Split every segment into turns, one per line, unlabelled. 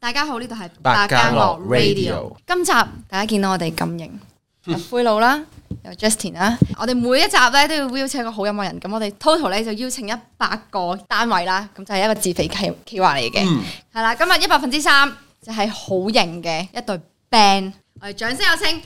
大家好，呢度係百家樂 Radio。今集大家見到我哋咁型，有灰佬啦，有 Justin 啦。我哋每一集咧都要邀請一個好音樂人，咁我哋 Total 咧就邀請一百個單位啦，咁就係一個自肥企企劃嚟嘅。係、嗯、啦，今日一百分之三就係好型嘅一對 band，我哋掌聲有請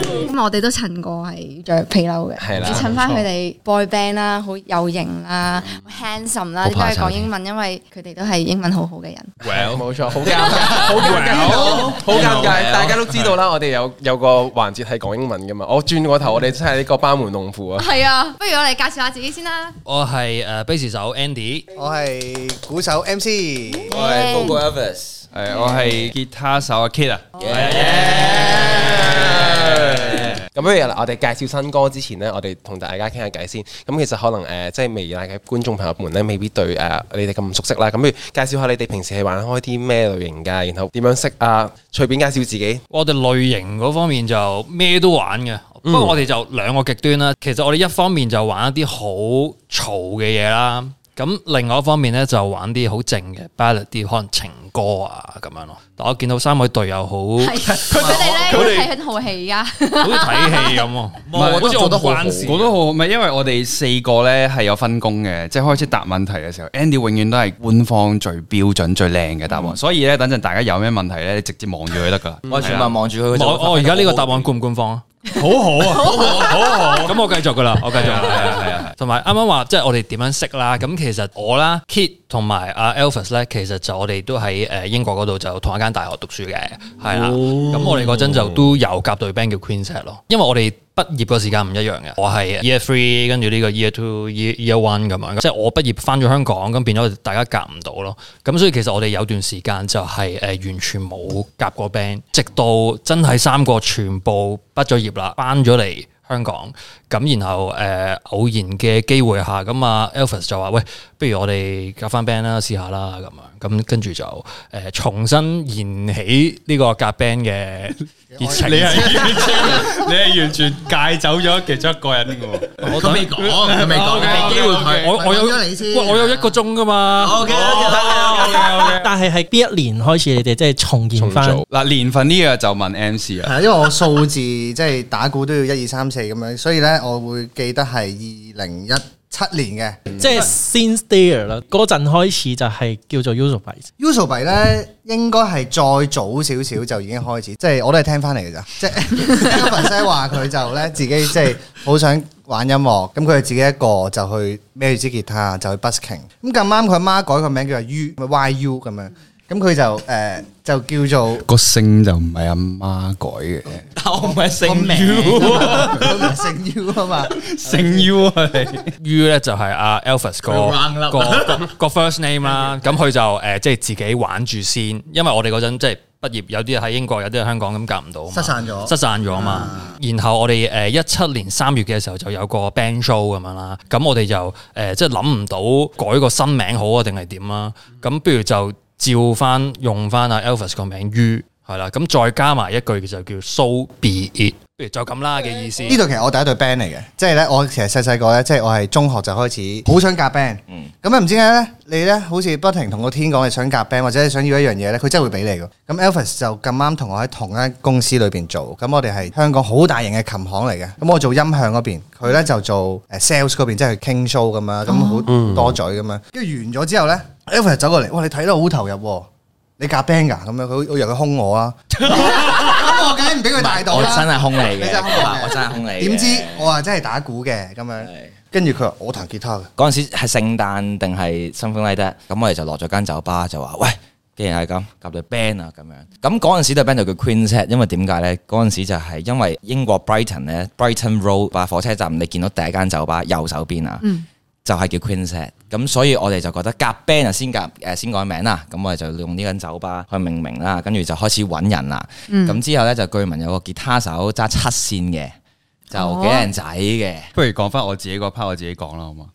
Yusobeit。 我哋都襯過係著皮褸嘅，仲襯翻佢哋 boy band 啦，好有型啦，handsome 啦，都係講英文，因為佢哋都係英文好好嘅人。
Well，冇錯，好尷尬，
好尷尬，
好尷
尬，大家都知道啦。我哋有有個環節係講英文嘅嘛，我轉過頭，我哋真係呢個班門
弄斧啊。係
啊，不如我哋介紹下自己先啦。
我係誒貝斯手 Andy，
我係鼓手 MC，我係 Bob Evans，
誒我係吉他手阿 Kita。
咁不如我哋介紹新歌之前呢，我哋同大家傾下偈先。咁其實可能誒、呃，即係未嚟嘅觀眾朋友們咧，未必對誒、呃、你哋咁熟悉啦。咁不如介紹下你哋平時係玩開啲咩類型㗎，然後點樣識啊？隨便介紹
自己。哦、我哋類型嗰方面就咩都玩嘅，嗯、不過我哋就兩個極端啦。其實我哋一方面就玩一啲好嘈嘅嘢啦。咁另外一方面咧，就玩啲好靜嘅 balance 啲，可能情歌啊咁樣咯。但我見到三位隊友好，佢哋咧，佢哋睇緊
好戲啊，好似睇戲咁啊。
我都覺得好，
我都好，唔係，因為我哋四個咧係有分工嘅，即係開始答問題嘅時候，Andy 永遠都係官方最標準、最靚嘅答案。所以咧，等陣大家有咩問題咧，你直接望住佢得噶
啦。我全部望住佢。我而家呢個答案官唔官方啊？好好啊，好好，好好。咁我繼續噶啦，我繼續，係啊，係啊。同埋啱啱話，即係我哋點樣識啦。咁其實我啦，Kit 同埋阿 Alphas 咧，其實就我哋都喺誒英國嗰度就同一間大學讀書嘅，係啦、啊。咁、嗯哦、我哋嗰陣就都有夾對 band 叫 Queenset 咯，因為我哋。畢業個時間唔一樣嘅，我係 year three 跟住呢個 year two year year one 咁樣，即係我畢業翻咗香港，咁變咗大家夾唔到咯。咁所以其實我哋有段時間就係、是、誒、呃、完全冇夾過 band，直到真係三個全部畢咗業啦，翻咗嚟香港，咁然後誒、呃、偶然嘅機會下，咁啊 Alfred 就話喂，不如我哋夾翻 band 啦，試下啦咁樣，咁跟住就誒、呃、重新燃起呢個夾 band 嘅。你係 你係完全戒走咗其中一個人嘅，我都未講，未講嘅，機會係我我有一個你先，我有一個鐘㗎嘛，O K，得嘅，okay, okay, okay, okay.
但係係邊一年開始你哋即係重建翻嗱組年份呢個就問 M C 啦，因
為我數字即係、就是、打鼓都要一二三四咁樣，所以咧我會記得係二零一七年嘅，即係
since there 啦，嗰陣、嗯、開始就係叫做 u z o b
y Uzobi 咧 應該係再早少少就已經開始，即、就、係、是、我都係聽翻嚟嘅咋。即係 f r a n c 話佢就咧、是、 自己即係好想玩音樂，咁佢自己一個就去孭住支吉他就去 busking。咁咁啱佢阿媽改個名叫做 U 咪 YU 咁樣。咁佢就誒，就叫做個
姓就唔係阿媽改嘅，
我唔係姓 U，姓 U 啊嘛，
姓 U 佢 U 咧就係阿 Alphas 哥個個 first name 啦，咁佢就誒，即係自己玩住先，因為我哋嗰陣即係畢業，有啲喺英國，有啲喺香港咁夾唔到，失散咗，失散咗啊嘛。然後我哋誒一七年三月嘅時候就有個 band show 咁樣啦，咁我哋就誒即係諗唔到改個新名好啊定係點啦，咁不如就。照翻用翻阿 Elvis 個名於係啦，咁再加埋一句嘅就叫 So be it。不如就咁啦嘅意思。呢度其實
我第一對 band 嚟嘅，即係咧我其實細細個咧，即係我係中學就開始好想夾 band。咁啊唔知點解咧，你咧好似不停同個天講你想夾 band，或者你想要一樣嘢咧，佢真係會俾你嘅。咁 Elvis 就咁啱同我喺同一間公司裏邊做，咁我哋係香港好大型嘅琴行嚟嘅。咁我做音響嗰邊，佢咧就做誒 sales 嗰邊，即係傾 show 咁啊，咁好多嘴咁啊。跟住完咗之後咧，Elvis 走過嚟，哇！你睇得好投入，你夾 band 啊？咁樣佢，我由佢兇我啊。我梗唔俾佢帶到，我真係兇你嘅，我真係兇你。點知我話真係打鼓嘅咁樣，跟住佢話我彈吉他嘅。嗰
陣時係聖誕定係新婚禮得？咁我哋就落咗間酒吧，就話喂，既然係咁，夾對 band 啊咁樣。咁嗰陣時對 band 就叫 Queen Set，因為點解咧？嗰陣時就係因為英國 Brighton 咧，Brighton Road 話火車站，你見到第一間酒吧右手邊啊。嗯就係叫 Queen Set，咁所以我哋就覺得夾 band 就先夾，誒先改名啦，咁我哋就用呢間酒吧去命名啦，跟住就開始搵人啦，咁、嗯、之後咧就據聞有個吉他手揸七線嘅，就幾靚仔嘅，哦、不如講翻我自己嗰 part，我自己講啦，好嘛？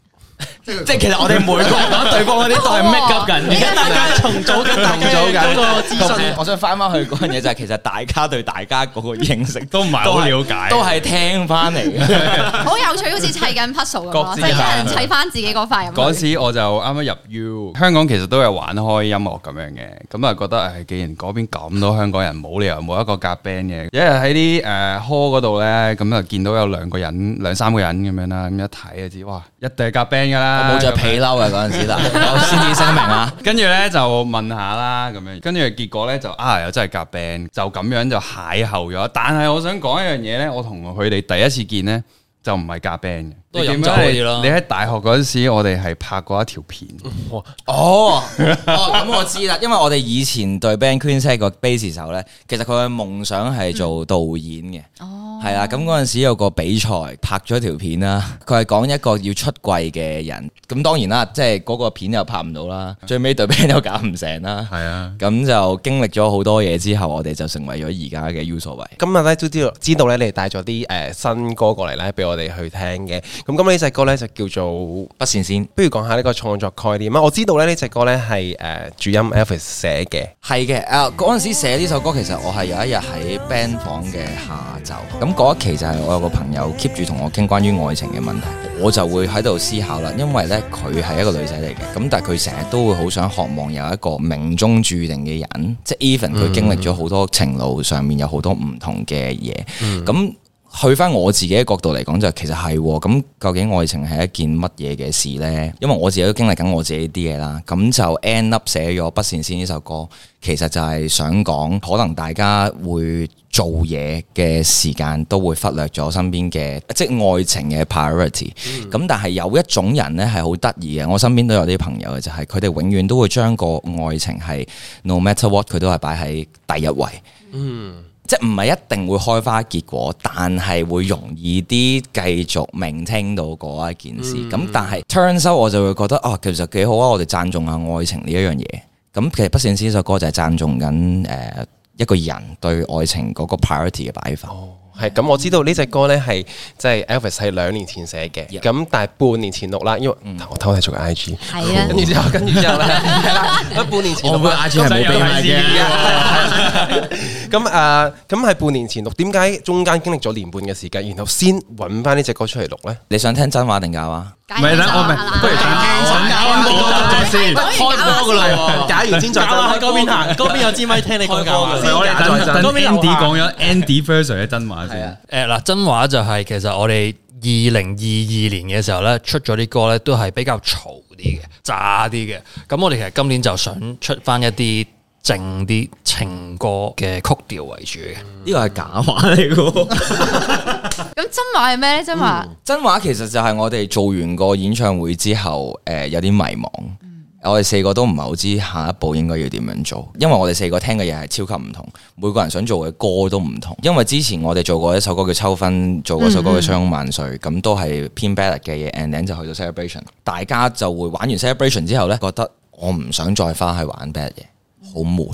即係其實我哋每個諗對方嗰啲代咩夾緊，而家大家重組緊、重組緊個資訊。我
想翻翻去嗰樣嘢就係，其實大家對大家嗰個認識都唔係好了解，都係聽翻嚟。好
有趣，好似砌緊 puzzle 咁啊！即係人砌翻自己嗰塊。嗰
時我就啱啱入 U，香港其實都有玩開音樂咁樣嘅，咁啊覺得誒，既然嗰邊咁多香港人，冇理由冇一個夾 band 嘅。有日喺啲誒 hall 嗰度咧，咁啊見到有兩個人、兩三個人咁樣啦，咁一睇就知哇，一定係夾 band。冇着皮褸啊嗰陣時，但係 我先先聲明啊，跟住咧就問下啦，咁樣，跟住結果咧就啊又真係夾 band，就咁、啊、樣就邂逅咗。但係我想講一樣嘢咧，我同佢哋第一次見咧就唔係夾
band 嘅。都飲酒咯。你喺大學嗰陣時，我哋係拍過一條片。哇哦，哦，咁、嗯、我知啦。因為我哋以前對 band concert 個 base 手咧，其實佢嘅夢想係做導演嘅。哦、嗯，係啦。咁嗰陣時有個比賽，拍咗條片啦。佢係講一個要出櫃嘅人。咁當然啦，即係嗰個片又拍唔到啦。最尾隊 band 又搞唔成啦。係啊的。咁就經歷咗好多嘢之後，我哋就成為咗而家嘅 Yusobeit。今日咧都知道，知道咧你係帶咗啲誒新歌過嚟咧，俾我哋去聽
嘅。咁今呢隻歌咧就叫做不羨仙，不如講下呢個創作概念啊！我知道咧呢隻歌
咧係誒主音 Evan 寫嘅，係嘅。誒、啊，嗰陣時寫呢首歌，其實我係有一日喺 band 房嘅下晝，咁嗰一期就係我有個朋友 keep 住同我傾關於愛情嘅問題，我就會喺度思考啦。因為咧佢係一個女仔嚟嘅，咁但係佢成日都會好想渴望有一個命中注定嘅人，即係 Even 佢經歷咗好多情路上面有好多唔同嘅嘢，咁、嗯。嗯去翻我自己嘅角度嚟講，就其實係咁，究竟愛情係一件乜嘢嘅事呢？因為我自己都經歷緊我自己啲嘢啦，咁就 end up 寫咗《不羨仙》呢首歌，其實就係想講，可能大家會做嘢嘅時間都會忽略咗身邊嘅，即係愛情嘅 priority。咁、嗯、但係有一種人呢，係好得意嘅，我身邊都有啲朋友嘅，就係佢哋永遠都會將個愛情係 no matter what 佢都係擺喺第一位。嗯。即係唔係一定會開花結果，但係會容易啲繼續明聽到嗰一件事。咁、嗯、但係 turn 收，嗯、我就會覺得啊、哦，其實幾好啊，我哋讚頌下愛情呢一樣嘢。咁其實《不羨仙》呢首歌就係讚頌緊誒一個人對愛情嗰個 priority 嘅擺法。哦，
係。咁我知道呢隻歌咧係即係 Elvis 係兩年前寫嘅，咁但係半年前錄啦，因為，因為、嗯嗯、
我偷睇做個 IG。係啊、哦。
跟住
之後，跟住之後咧，半年前我個 IG 唔係俾埋嘅。
咁誒，咁係半年前錄，點解中間經歷咗年半嘅時間，然後先搵翻呢隻歌出嚟錄咧？
你想聽真話定假話？唔係啦，我唔點聽真話，開多咗先，開多噶啦。假如先再喺嗰
邊
行，嗰邊有支咪聽你講啊。先，等，等邊點講咗
Andy version 嘅真話先。誒嗱，真話就係其實我哋二零二二年嘅時候咧，出咗啲歌咧，都係比較嘈啲嘅、炸啲嘅。咁我哋其實今年就想出翻一啲。淨啲情歌嘅曲調為主嘅，呢個係假話嚟嘅。
咁 真話係咩咧？真話、嗯、真話
其實就係我哋做完個演唱會之後，誒、呃、有啲迷茫。嗯、我哋四個都唔係好知下一步應該要點樣做，因為我哋四個聽嘅嘢係超級唔同，每個人想做嘅歌都唔同。因為之前我哋做過一首歌叫《秋分》，做嗰首歌叫《相擁萬歲》，咁都係偏 bad 嘅嘢，ending 就去到 celebration。大家就會玩完 celebration 之後呢，覺得我唔想再翻去玩 bad 嘢。好悶，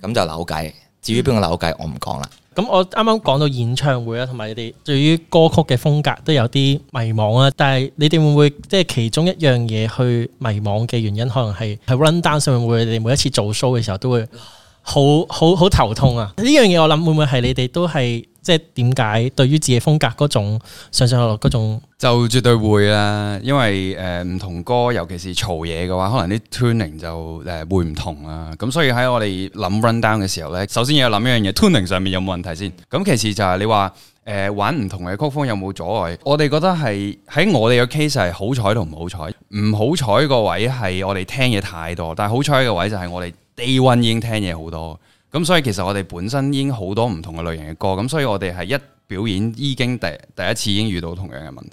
咁就扭計。至於邊個扭計，我唔講
啦。咁我啱啱講到演唱會啊，同埋你哋對於歌曲嘅風格都有啲迷茫啊。但係你哋會唔會即係其中一樣嘢，去迷茫嘅原因，可能係喺 run down 上面，會，會你哋每一次做 show 嘅時候都會好好好頭痛啊。呢 樣嘢我諗會唔會係你哋都係？即係點解對於自己風格嗰種上上落落嗰種，
就絕對會啦。因為誒唔、呃、同歌，尤其是嘈嘢嘅話，可能啲 tuning 就誒、呃、會唔同啦。咁、啊、所以喺我哋諗 run down 嘅時候呢，首先要諗一樣嘢，tuning 上面有冇問題先。咁其次就係、是、你話誒、呃、玩唔同嘅曲風有冇阻礙？我哋覺得係喺我哋嘅 case 係好彩同唔好彩。唔好彩個位係我哋聽嘢太多，但係好彩嘅位就係我哋 day one 已經聽嘢好多。咁所以其實我哋本身已經好多唔同嘅類型嘅歌，咁所以我哋係一表演已經第第一次已經遇到同樣嘅問題。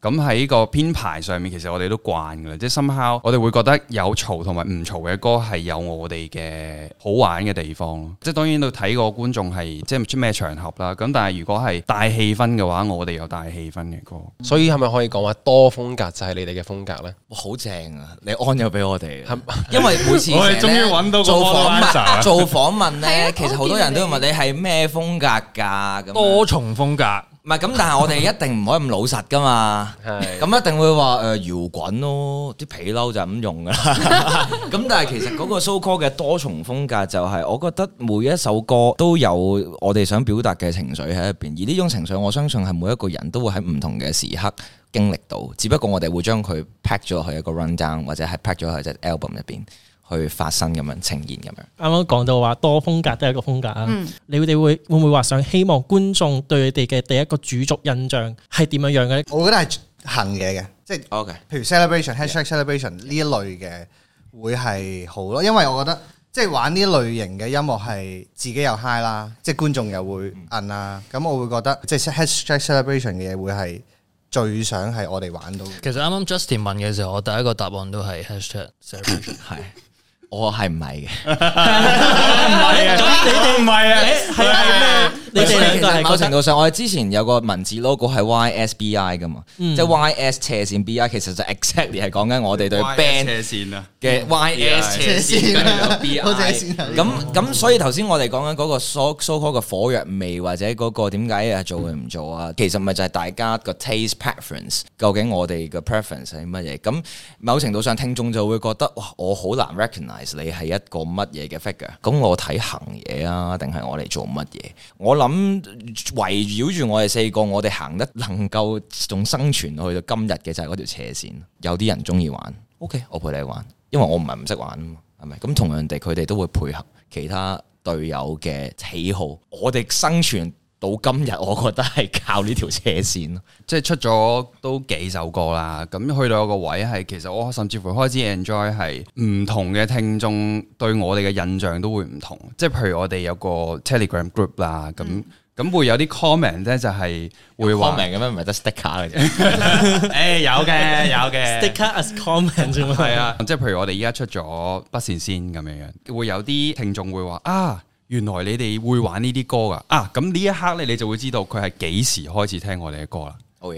咁喺、嗯、個編排上面，其實我哋都慣噶啦，即係深刻。我哋會覺得有嘈同埋唔嘈嘅歌係有我哋嘅好玩嘅地方即係當然都睇過觀眾係即係出咩場合啦。咁但係如果係帶氣氛嘅話，我哋有帶氣氛嘅歌。所以係
咪可以講話多風格就係你哋嘅風格呢、哦？好正啊！你安又俾我哋， 因為每次 我哋終於
揾到個 answer 做訪問咧，問呢 其實好多人都會問你係咩風格噶多重風格。唔係咁，但係我哋一定唔可以咁老實噶嘛。咁的、嗯、一定會話誒、呃、搖滾咯，啲皮褸就係咁用噶啦。咁 但係其實嗰個 so-called 嘅多重風格就係我覺得每一首歌都有我哋想表達嘅情緒喺入邊，而呢種情緒我相信係每一個人都會喺唔同嘅時刻經歷到，只不過我哋會將佢 pack 咗去一個 run down 或者係 pack 咗去隻 album 入邊。去發生咁樣呈現咁樣，
啱啱講到話多風格都係一個風格啊！嗯、你哋會會唔會話想希望觀眾對你哋嘅第一個主軸印象係點樣樣嘅？我覺得係
行嘢嘅，即係 Okay. 譬如 celebration Yeah. hashtag celebration 呢一類嘅 Yeah. 會係好咯，因為我覺得即係玩呢類型嘅音樂係自己又 high 啦，即係觀眾又會 in 啦、嗯。咁我會覺得即係 hashtag celebration 嘅嘢會係最想係我哋玩到。
其實啱啱 Justin 問嘅時候，我第一個答案都係 hashtag celebration 係。 我係唔係嘅？唔係啊，
你哋唔係啊，係咪？
其實某程度上，我哋之前有個文字 logo 係 YSBI 噶嘛，嗯、即係 YS 斜線 BI，其實就 exactly 係講緊我哋對 band 斜
線啊嘅 YS 斜線、啊。多謝先
頭。咁咁、啊有，所以頭先我哋講緊嗰個 so，so call 嘅火藥味或者嗰個點解啊做佢唔做啊，嗯、其實咪就係大家個 taste preference，究竟我哋嘅 preference 係乜嘢？咁某程度上，聽眾就會覺得哇，我好難 recognize 你係一個乜嘢嘅 figure。咁我睇行嘢啊，定係我嚟做乜嘢？我諗。咁圍繞住我哋四個，我哋行得能夠仲生存去到今日嘅，就係嗰條斜線。有啲人中意玩，OK，我陪你玩，因為我唔係唔識玩啊嘛，係咪？咁同樣地，佢哋都會配合其他隊友嘅喜好。我哋生存。到今日，我覺得係靠呢條斜線，即係出咗都
幾首歌啦。咁去到有個位係，其實我甚至乎開始 enjoy 係唔同嘅聽眾對我哋嘅印象都會唔同。即係譬如我哋有個 Telegram group 啦，咁咁會有啲 comment 咧，就係會話咁樣唔係得 sticker 嘅啫。
誒有嘅、 欸、有嘅 sticker
as comment 啫嘛。係啊，即係譬如我哋依家出咗不羨仙咁樣樣，會有啲聽眾會話啊。原來你哋會玩呢啲歌噶啊！咁呢一刻咧，你就會知道佢係幾時開始聽我哋嘅歌啦。
哦，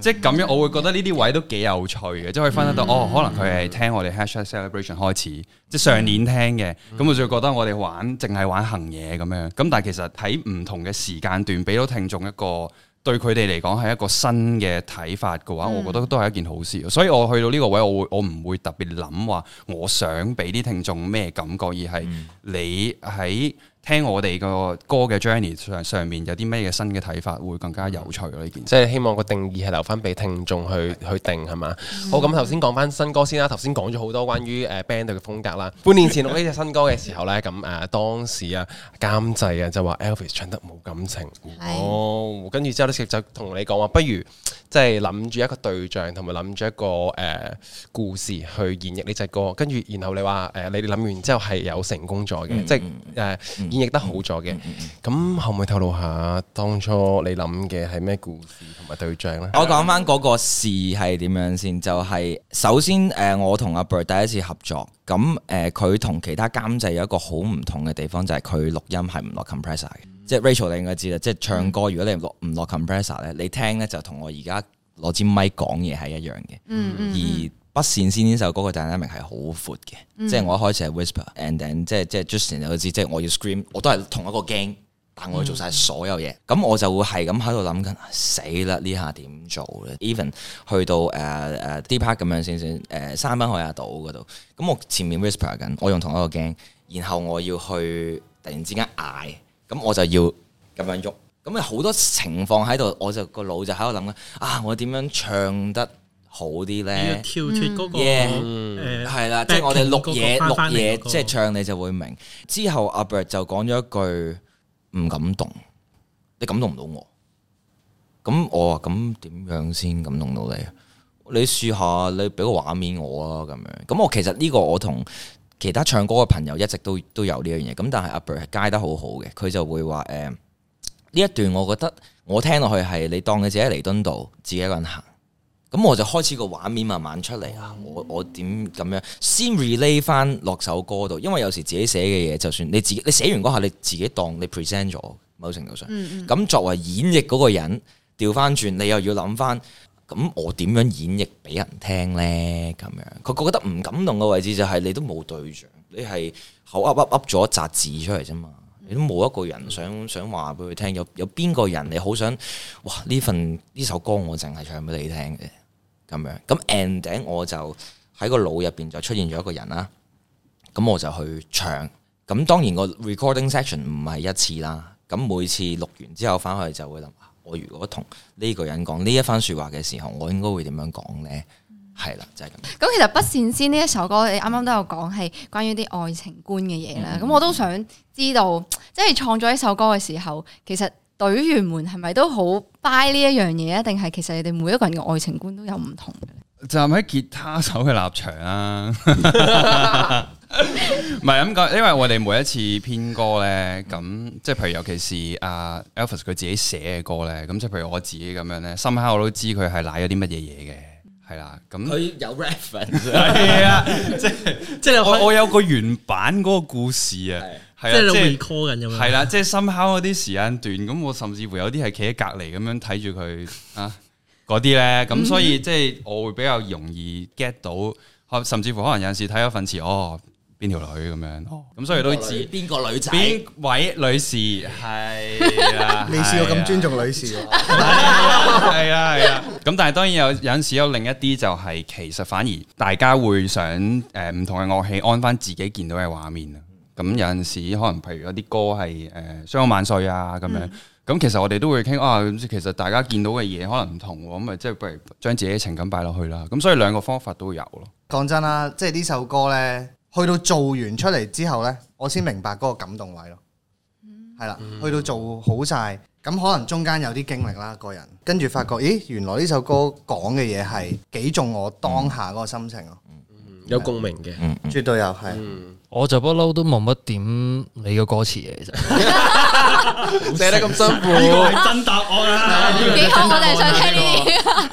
即係咁樣，嗯、我會覺得呢啲位都幾有趣嘅，嗯、即係可以分得到。嗯、哦，可能佢係聽我哋 #hashtag#celebration 開始，嗯、即係上年聽嘅。咁、嗯、我就覺得我哋玩淨係玩行嘢咁樣。咁但係其實喺唔同嘅時間段，俾到聽眾一個。對佢哋嚟講係一個新嘅睇法嘅話，我覺得都係一件好事。嗯、所以我去到呢個位，我會我唔會特別諗話，我想俾啲聽眾咩感覺，而係你喺聽我哋個歌嘅
journey 上面有啲咩嘅新嘅睇法，會更加有趣咯。呢件、嗯、即係希望個定義係留翻俾聽眾去去定係嘛。嗯、好，咁頭先講翻新歌先啦。頭先講咗好多關於誒 band 嘅風格啦。半年前錄呢隻新歌嘅時候呢，咁誒、 啊、當時啊監製啊就話 Elvis 唱得冇感情。的哦，跟住之後咧就同你講話，不如即係諗住一個對象，同埋諗住一個誒、呃、故事去演繹呢隻歌。跟住然後你話誒、呃，你哋諗完之後係有成功咗嘅，嗯、即係演繹得好咗嘅，咁可唔可以透露下當初你諗嘅係咩故事同埋對象呢？我講
翻嗰個事係點樣先？就係、是、首先，誒，我同阿 Bird 第一次合作，咁誒，佢同其他監製有一個好唔同嘅地方，就係佢錄音係唔落 compressor 嘅，即係、嗯、Rachel 你應該知啦，即、就、係、是、唱歌如果你錄唔落 compressor 咧，你聽咧就同我而家攞支咪講嘢係一樣嘅、
嗯，嗯，嗯而。
不羨仙呢首歌嘅大一名係好闊嘅，嗯、即係我一開始係 whisper，and、嗯、then 即係即係 Justin 都知，即係我要 scream，我都係同一個鏡，但我要做晒所有嘢，咁、嗯、我就會係咁喺度諗緊，死啦呢下點做咧？Even 去到誒誒 deep part 咁樣先先，誒三班海啊島嗰度，咁我前面 whisper 緊，我用同一個鏡，然後我要去突然之間嗌，咁我就要咁樣喐，咁好多情況喺度，我就個腦就喺度諗緊，啊我點樣唱得？好啲咧，跳脫嗰、那個，誒係啦，即係我哋錄嘢，錄嘢即係唱，你就會明。之後阿 Bry 就講咗一句唔感動，你感動唔到我。咁我話咁點樣先感動到你？你試下你俾個畫面我啊，咁樣。咁我其實呢、這個我同其他唱歌嘅朋友一直都有都有呢樣嘢。咁但係阿 Bry 係解得好好嘅，佢就會話誒呢一段我覺得我聽落去係你當你自己喺彌敦道自己一個人行，咁我就開始個畫面慢慢出嚟啊！我我點咁樣，樣先 relay 翻落首歌度，因為有時自己寫嘅嘢，就算你自己你寫完嗰下，你自己當你 present 咗某程度上。咁、嗯嗯、作為演繹嗰個人，調翻轉你又要諗翻，咁我點樣演繹俾人聽呢？咁樣佢覺得唔感動嘅位置就係你都冇對象，你係口噏噏噏咗一紮字出嚟啫嘛，你都冇一個人想想話俾佢聽，有有邊個人你好想哇呢份呢首歌我淨係唱俾你聽嘅。咁樣，咁 ending 我就喺個腦入邊就出現咗一個人啦，咁我就去唱。咁當然個 recording session 唔係一次啦，咁每次錄完之後翻去就會諗，我如果同呢個人講呢一番說話嘅時候，我應該會點樣講呢？嗯、係啦，就係、是、咁。
咁、嗯、其實《不羨仙》呢一首歌，你啱啱都有講係關於啲愛情觀嘅嘢啦。咁、嗯、我都想知道，即係創作一首歌嘅時候，其實。隊員們係咪都好 buy 呢一樣嘢啊？定係其實你哋每一個人嘅愛情觀都有唔同
嘅？站喺吉他手嘅立場啊，唔係咁講，因為我哋每一次編歌咧，咁即係譬如尤其是阿 Elvis 佢自己寫嘅歌咧，咁即係譬如我自己咁樣咧，深刻我都知佢係賴咗啲乜嘢嘢嘅，係啦，咁佢有 reference 係啊，
即係即係
我有個原版嗰個故事啊。 即係 call 緊咁樣，係啦，即係深刻嗰啲時間段，咁我甚至乎有啲係企喺隔籬咁樣睇住佢啊，嗰啲咧，咁所以即係我會比較容易 get 到，甚至乎可能有陣時睇咗份詞哦，邊條女咁樣，咁所以都知邊個女仔，哦、邊位女士
係啊，
未試過咁尊重女士，係啊
係啊，咁、啊啊啊啊、但係當然有有陣時有另一啲就係，其實反而大家會想誒唔同嘅樂器安翻自己見到嘅畫面咁有陣時可能，譬如有啲歌係誒《湘江萬歲》啊咁樣，咁其實我哋都會傾啊，其實大家見到嘅嘢，可能唔同，咁咪即係不如將自己嘅情感擺落去啦。咁所以兩個方法都會有咯。
講真啦，即係呢首歌咧，去到做完出嚟之後咧，我先明白嗰個感動位咯。係啦，去到做好晒，咁可能中間有啲經歷啦，個人跟住發覺，咦，原來呢首歌講嘅嘢係幾中我當下嗰個心情咯。嗯，有共鳴嘅，絕對有係。
我就不嬲都冇乜點你個歌詞其實，寫 得咁辛苦， 真答案啊！
幾好，啊、我哋想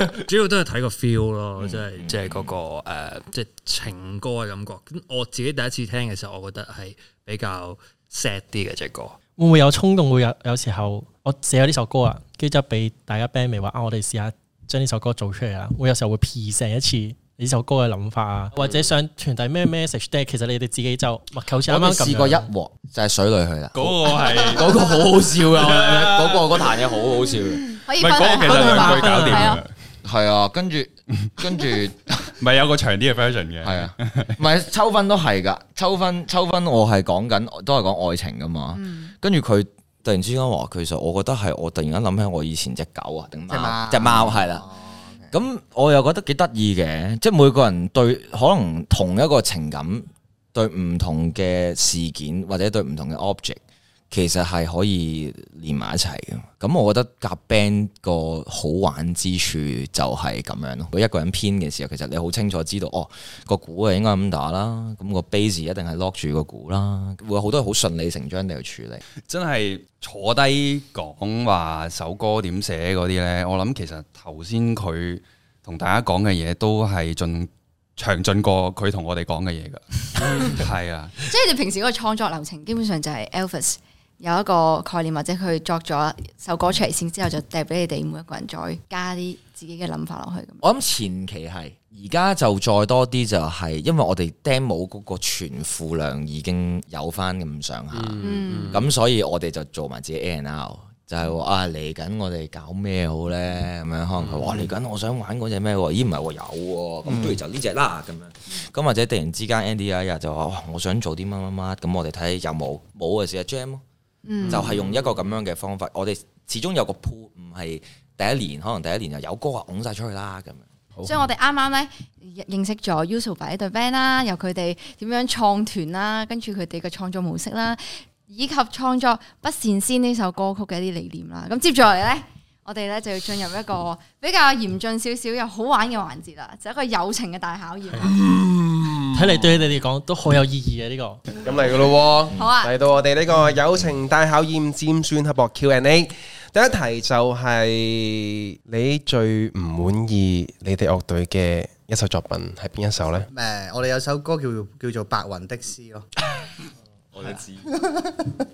聽你，
主要都係睇個 feel 咯、嗯，即係即係嗰個誒，即、嗯呃就是、情歌嘅感覺。咁我自己第一次聽嘅時候，我覺得係比較 sad 啲嘅隻歌。
會唔會有衝動？會有有時候我寫咗呢首歌啊，跟住之後就俾大家 band 咪話啊，我哋試下將呢首歌做出嚟啊！會有時候會 P 寫一次。呢首歌嘅諗法啊，或者想傳遞咩 message？但係其實你哋自己就，我未試過一鑊就係水裏去啦。嗰個係，嗰個好好笑啊！嗰個嗰壇嘢好好笑，唔係嗰個其實兩句搞掂。係啊，
跟住跟住，咪有個長啲嘅 version 嘅。係啊，唔係秋分都係㗎。秋分秋分，我係講緊都係講愛情㗎嘛。跟住佢突然之間話，其實我覺得係我突然間諗起我以前隻狗啊，定貓？隻貓係啦。咁我又覺得幾得意嘅，即係每個人對可能同一個情感對唔同嘅事件，或者對唔同嘅 object。其實係可以連埋一齊嘅，咁、嗯、我覺得夾 band 個好玩之處就係咁樣咯。佢一個人編嘅時候，其實你好清楚知道哦，個鼓啊應該咁打啦，咁、個 base 一定係 lock 住個鼓啦，會好多好順理成章地去處理。
真係坐低講話首歌點寫嗰啲呢？我諗其實頭先佢同大家講嘅嘢都係盡長詳盡過佢同我哋講嘅嘢㗎。係 啊， 即
係你平時嗰個創作流程，基本上就係 a l 有一個概念或者佢作咗首歌出嚟先之後就掟俾你哋每一個人再加啲自己嘅諗法落去。我
諗前期係而家就再多啲就係、是、因為我哋 demo 嗰個存貨量已經有翻咁上下，咁、嗯、所以我哋就做埋自己 A&R 就係話啊嚟緊我哋搞咩好咧咁樣可能話嚟緊我想玩嗰隻咩喎？咦唔係喎有喎、啊，咁不如就呢隻啦咁樣。咁或者突然之間 Andy 一日就話、哦、我想做啲乜乜乜咁我哋睇有冇冇啊？試下。試試試 jam 嗯、就係用一個咁樣嘅方法，我哋始終有個 point，唔係第一年，可能第一年就有歌啊，晒出去啦咁樣。
所以
我哋啱啱咧認識咗 Yusobeit 呢對 band 啦，由佢哋點樣創團啦，跟住佢哋嘅創作模式啦，以及創作《不羨仙》呢首歌曲嘅一啲理念啦。咁接住嚟咧，我哋咧就要進入一個比較嚴峻少少又好玩嘅環節啦，就係、一個友情嘅大考驗。
睇嚟對你哋嚟講都好有意義嘅呢個，咁嚟噶咯，好啊，
嚟到我哋呢個友情大考驗占算合博 Q&A，第一題就係你最唔滿意你哋樂隊嘅一首作品係邊一首咧？
誒，我哋有首歌叫叫做《白雲的詩》咯，我哋知，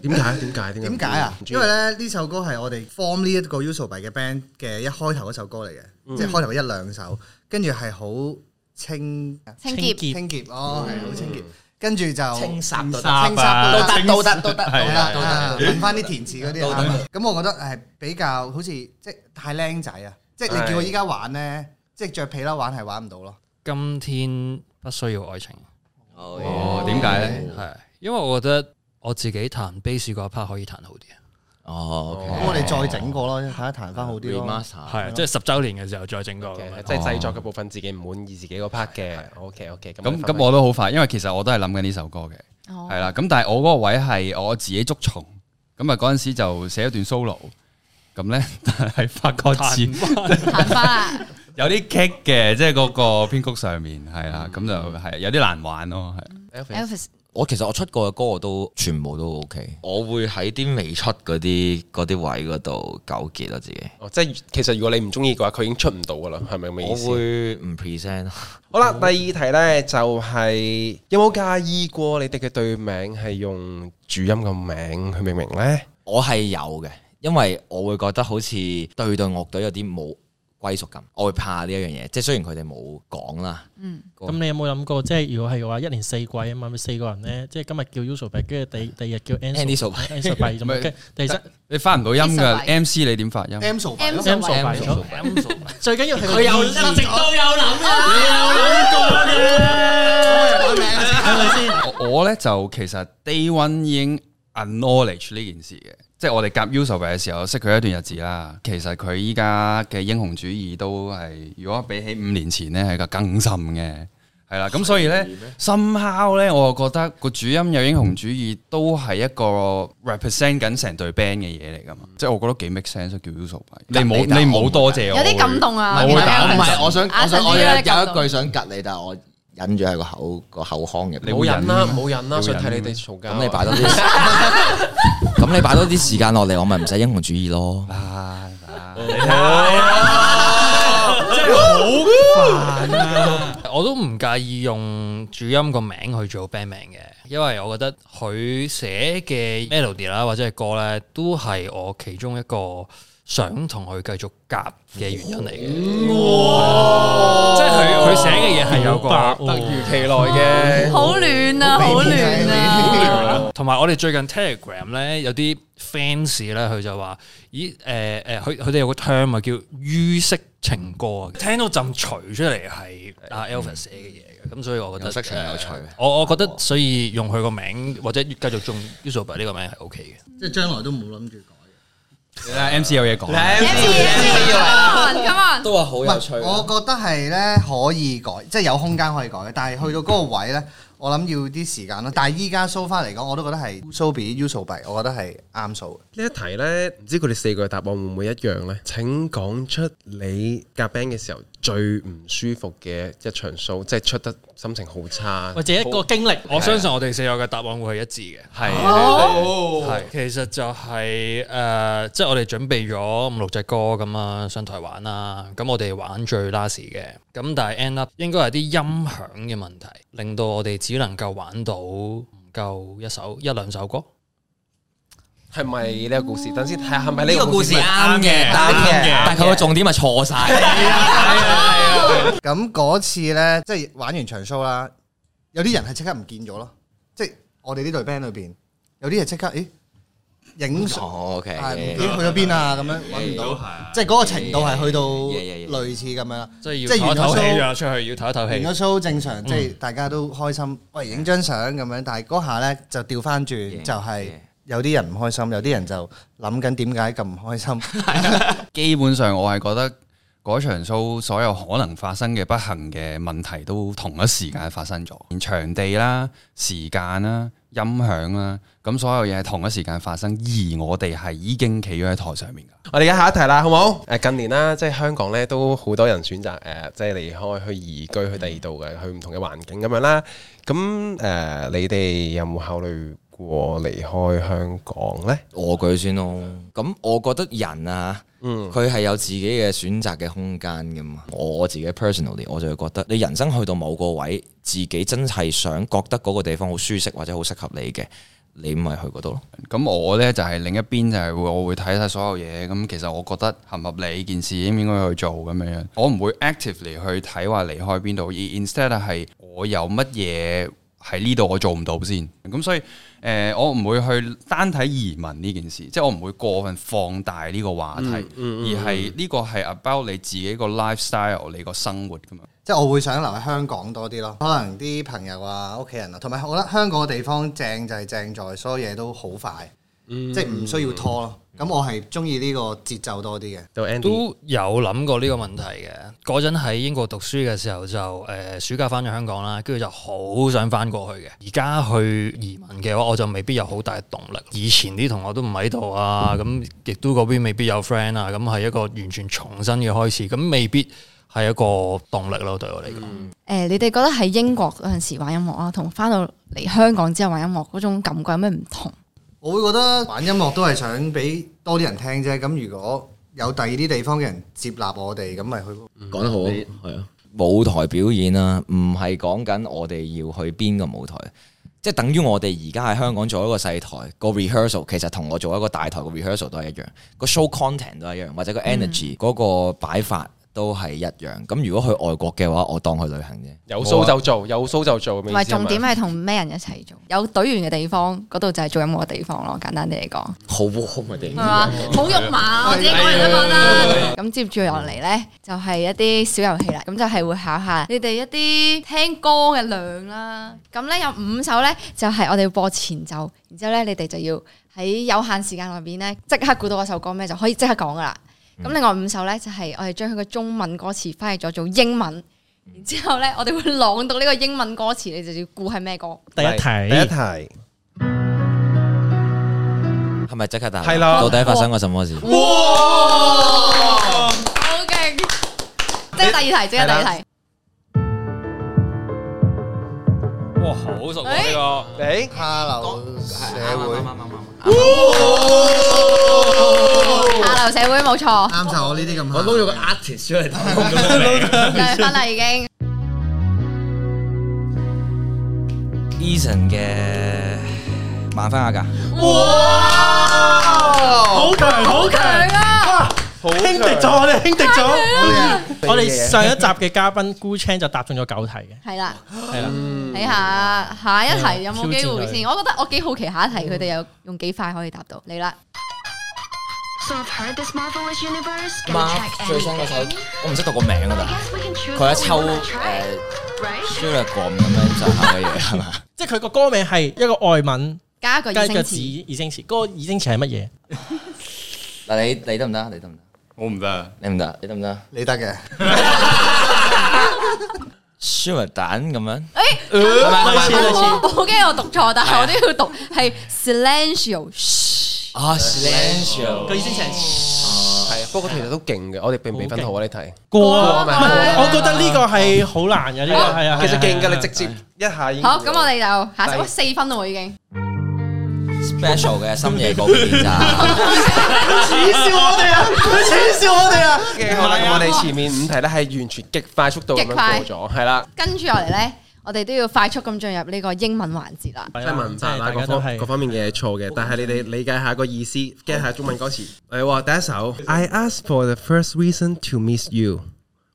點解？點解？點解？點解啊？因為咧呢首歌係我哋 form 呢一個 Yusobeit 嘅 band 嘅一開頭嗰首歌嚟嘅，即係開頭一兩首，跟住係好。清清潔，清潔，哦，係好清潔。跟住就清沙都得，都得，都得，都得，都得。問翻啲填詞嗰啲啊。咁我覺得係比較好似即係太僆仔啊！即係你叫我依家玩咧，即係着皮褸玩係玩唔到咯。
今天不需要愛情。哦，點解咧？係因為我覺得我自己彈 bass 嗰 part 可以彈好啲。哦，咁我哋再整
過咯，睇下彈翻好啲咯。係即係十
周年嘅時候再整過，即
係製作
嘅部分自己唔滿意自己個 part 嘅。OK OK，咁咁我都好
快，因為其實我都係諗緊呢首歌嘅，係啦。咁但係我嗰個位係我自己捉蟲，咁啊嗰陣時就寫一段 solo，咁咧但係發覺字有啲棘嘅，即係嗰個編曲上面係啦，咁就係有啲難玩咯，係。
我其實我出過嘅歌我都全部都 OK，我會喺啲未出嗰啲啲位嗰度糾結啊自己。哦，即係其實如果你唔中意嘅話，佢已經出唔到㗎喇，係咪咁嘅意思？我會唔 present。好啦，第
二題呢就係有冇介意過
你哋嘅對名係用
主音嘅名去命名呢，
我係有嘅，因為我會覺得好似對對樂隊有啲冇。歸屬感，我會怕呢一樣嘢，即係雖然佢哋冇講啦，
嗯，
咁
你有冇諗過，即係如果係嘅話一年四季啊嘛，咪四個人咧，即係今日叫 Yusobeit，跟住第第日叫 Andy Sobeit，Andy Sobeit，咁跟住第三，你發唔到音噶，MC 你點發音？M Sobeit，M Sobeit，最緊要係佢有諗，
直都有諗，你有諗過嘅，係咪先？
我咧就其實 Day One 已經 acknowledge 呢件事嘅。即係我哋夾 Yusobeit 嘅時候，識佢一段日子啦。其實佢依家嘅英雄主義都係如果比起五年前呢，係個更深嘅，係啦。咁所以呢，深敲呢，我又覺得個主音有英雄主義都係一個 represent 緊成隊 band 嘅嘢嚟噶嘛。即係我覺得幾 make sense 叫 Yusobeit。你冇，你冇多謝我。有啲感動啊！唔係唔係，我
想我想有一句想吉你，但係我忍住喺個口個口腔入邊。冇忍啦冇忍啦，想睇你哋嘈交。咁你擺多啲。咁你擺多啲時間落嚟，我咪唔使英雄主義咯。啊，
好煩。
我都唔介意用主音個名去做 band 名嘅，因為我覺得佢寫嘅 melody 啦或者係歌咧，都係我其中一個想同佢繼續夾嘅原因嚟嘅，即係佢佢寫嘅嘢係有個突如其來嘅，好暖啊，好暖啊！同埋我哋最近 Telegram 咧有啲 fans 咧，佢就話：咦誒誒，佢佢哋有個 tag 咪叫於色情歌，聽到陣除出嚟係阿 Elvis 寫嘅嘢嘅，咁所以我覺得有才我我覺得所以用佢個名或者繼續用 Yusobeit 呢個名係 OK 嘅，即係
將來都冇諗住你
睇
MC 有嘢講 ，MC
要嚟啦，都話好有趣。我覺得係咧可以改，即係有空間可以改，但係去到嗰個位咧。 我諗要啲時間咯，但係依家 show 翻嚟講，我都覺得係 Yusobeit，我覺得係啱數。
呢一題呢，唔知佢哋四個嘅答案會唔會一樣呢？請講出你夾 band 嘅時候最唔舒服嘅一場 show，即係出得心情好差，或者一個經歷。好我相
信我哋四個嘅答案會係一致嘅。係，係，其實就係、是、誒，即、呃、係、就是、我哋準備咗五六隻歌咁啊，上台玩啊，咁我哋玩最 last 嘅，咁但係 end up 應該係啲音響嘅問題，令到我哋。只能夠玩到唔夠一首一兩首歌，
係咪呢個故事？等先睇
下係咪呢個故事啱嘅？啱嘅，但係佢嘅
重點係錯晒。係
咁嗰次呢，即係玩完長 show 啦，有啲人係即刻唔見咗咯。即係我哋呢隊 band 裏邊，有啲人即刻，咦？影錯，係唔知去咗邊啊？咁樣揾唔到，即係嗰個程度係去到類似咁樣。即係要即係完出去，要唞一唞氣。影咗 show 正常，即係大家都開心。喂，影張相咁樣，但係嗰下咧就調翻轉，就係有啲人唔開心，有啲人就諗緊點解咁唔開心。
基本上我係覺得嗰場 show 所有可能發生嘅不幸嘅問題都同一時間發生咗，連場地啦、時間啦。音響啦，咁所有嘢係同一時間發生，而我哋係已經企咗喺台上面
嘅。我哋而家下一題啦，好唔好？誒，近年啦，即係香港呢，都好多人選擇誒，即係離開去移居去第二度嘅，去唔同嘅環境咁樣啦。咁誒、呃，你哋
有冇考慮？我離開香港呢，我舉先咯。咁我覺得人啊，嗯，佢係有自己嘅選擇嘅空間噶嘛。我自己 personally 我就覺得你人生去到某個位，自己真係想覺得嗰個地方好舒適或者好適合你嘅，你唔係去嗰度。咁、嗯、我呢，就係、是、另一邊，就係我會睇
曬所有嘢。咁其實我覺得合唔合理，件事應唔應該去做咁樣樣，嗯、我唔會 actively 去睇話離開邊度，而 instead 係我有乜嘢。喺呢度我做唔到先，咁所以誒、呃、我唔會去單睇移民呢件事，即係我唔會過分放大呢個話題，嗯嗯、而係呢、這個係 about 你自己個 lifestyle，你個生活噶嘛。
即係我會想留喺香港多啲咯，可能啲朋友啊、屋企人啊，同埋我覺得香港嘅地方正就係正在，所有嘢都好快。即係唔需要拖咯，咁我係中意呢個節奏多啲嘅。都
有諗過呢個問題嘅，嗰陣喺英國讀書嘅時候就誒、呃、暑假翻咗香港啦，跟住就好想翻過去嘅。而家去移民嘅話，我就未必有好大嘅動力。以前啲同學都唔喺度啊，咁亦、嗯、都嗰邊未必有 friend 啊，咁係一個完全重新嘅開始，咁未必係一個
動力咯對我嚟
講。誒、嗯呃，你哋覺得喺英國嗰陣時玩音樂啊，同翻到嚟香港之後玩音樂嗰種感覺有咩唔同？
我會覺得玩音樂都係想俾多啲人聽啫。咁如果有第二啲地方嘅人接納我哋，咁咪去、嗰個。講、嗯、得好，你啊、
舞台表演啦、啊，唔係講緊我哋要去邊個舞台。即、就、係、是、等於我哋而家喺香港做一個細台、個 rehearsal，其實同我做一個大台嘅 rehearsal 都係一樣。個 show content 都係一樣，或者個 energy 嗰、嗯、個擺法。都係一樣咁，如果去外國嘅話，我當去旅行啫。有 show 就做，有 show 就做。唔係重點係
同咩人一齊做？有隊員嘅地方嗰度就係做音樂嘅地方咯。簡單啲嚟講，
好喎嘅地方，
吧好肉麻。對我自己講完都覺得啊？咁、嗯嗯、接住落嚟咧，就係、是、一啲小遊戲啦。咁就係會考下你哋一啲聽歌嘅量啦。咁咧有五首咧，就係我哋要播前奏，然之後咧你哋就要喺有限時間內邊咧即刻估到嗰首歌咩就可以即刻講噶啦。咁另外五首咧，就係我哋將佢個中文歌詞翻譯咗做英文，然之後咧，我哋會朗讀呢個英文歌詞，你就要估係咩歌。
第一題，第一題，係咪即刻答？係啦，到底發生過什麼
事？哇，
好勁！即係第二題，即係第二題。
哇，好熟啊呢個，誒，下流社會。
下流社會冇錯、哦，啱晒
我呢啲咁，我撈咗個 artist 出嚟，兩
分啦已經。
Eason 嘅萬分阿噶，
哇，好強強
好
強啊！輕敵咗，我哋輕敵咗。我哋上
一集嘅嘉賓 Goo Chang 就答中咗九題嘅。
係啦，係啦。睇下下一題有冇機會先。我覺得我幾好奇下一題佢哋有用幾快可以答到。嚟啦。
最新嗰首
我唔識讀個名噶喇。
佢一抽
誒，磚頭棍咁樣砸嘅嘢係嘛？即係佢個歌名係一個外文加一個字，二聲詞。嗰個二聲詞係乜嘢？嗱，你你得唔得？你得唔得？我唔得，你唔得，你得唔得？你得嘅，
舒咪蛋咁樣。
誒，唔係唔係，我驚我讀錯，但係我都要讀係 Silencio。
啊
，Silencio，個意思係，係啊，不過其實都勁嘅，我哋並未分好啊，你睇。過我覺得呢個係好難嘅，呢個係啊，其實勁噶，你直
接一下好，咁
我哋就吓，差四分啦，我已經。special 嘅深夜嗰邊咋？恥笑我哋啊！恥笑我哋啊！好啦！我哋前面五題
咧係完全極快速度咁過咗，係啦。
跟住落嚟咧，我哋都要快速咁進入呢個英文環節啦。即係
文法啊，各方各方面嘅錯嘅，但係你哋理解下個意思，記下中文歌詞。係喎，第一首。I ask for the first reason to miss you.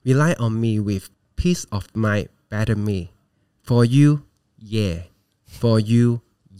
Rely on me with peace of my better me for you. Yeah, for you.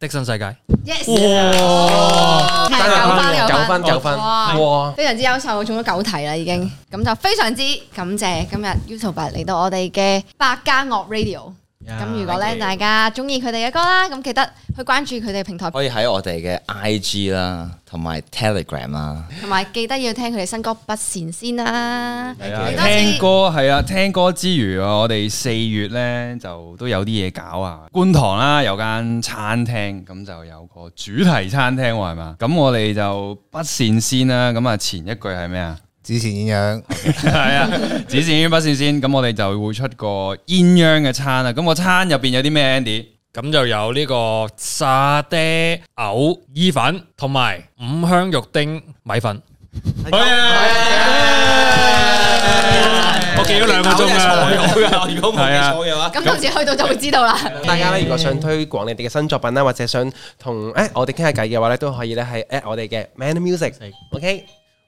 的身世界
，yes，九分九分九分，哇，對非常之優秀，我中咗九題啦已經，咁就非常之感謝今日 Yusobeit 嚟到我哋嘅百家樂 Radio。
咁如果咧大
家中意佢哋嘅歌啦，咁記得去關注佢哋平台。可以喺
我哋嘅 IG 啦，同埋 Telegram 啦，
同埋記得要聽佢哋新歌《不羨仙》啦。聽
歌係啊，聽歌之餘啊，我哋四月咧
就都有啲嘢搞啊。觀塘啦、啊、有間餐廳，咁就有個主題餐廳，係嘛？咁我哋就不羨仙啦。咁啊前一句係咩啊？只羨鴛鴦係啊，只羨鴛鴦不羨仙，咁我哋就會出個鴛鴦嘅
餐啦。咁個餐入邊有啲咩？Andy，咁就有呢個沙爹牛意粉同埋五香肉丁米粉。我
記咗兩個鐘啊！如果唔記錯嘅話，
咁到時去到就會知道啦。
大家咧，如果想推廣你哋嘅新作品啦，或者想同誒我哋傾下偈嘅話咧，都可以咧係@我哋嘅 Manner Music，OK。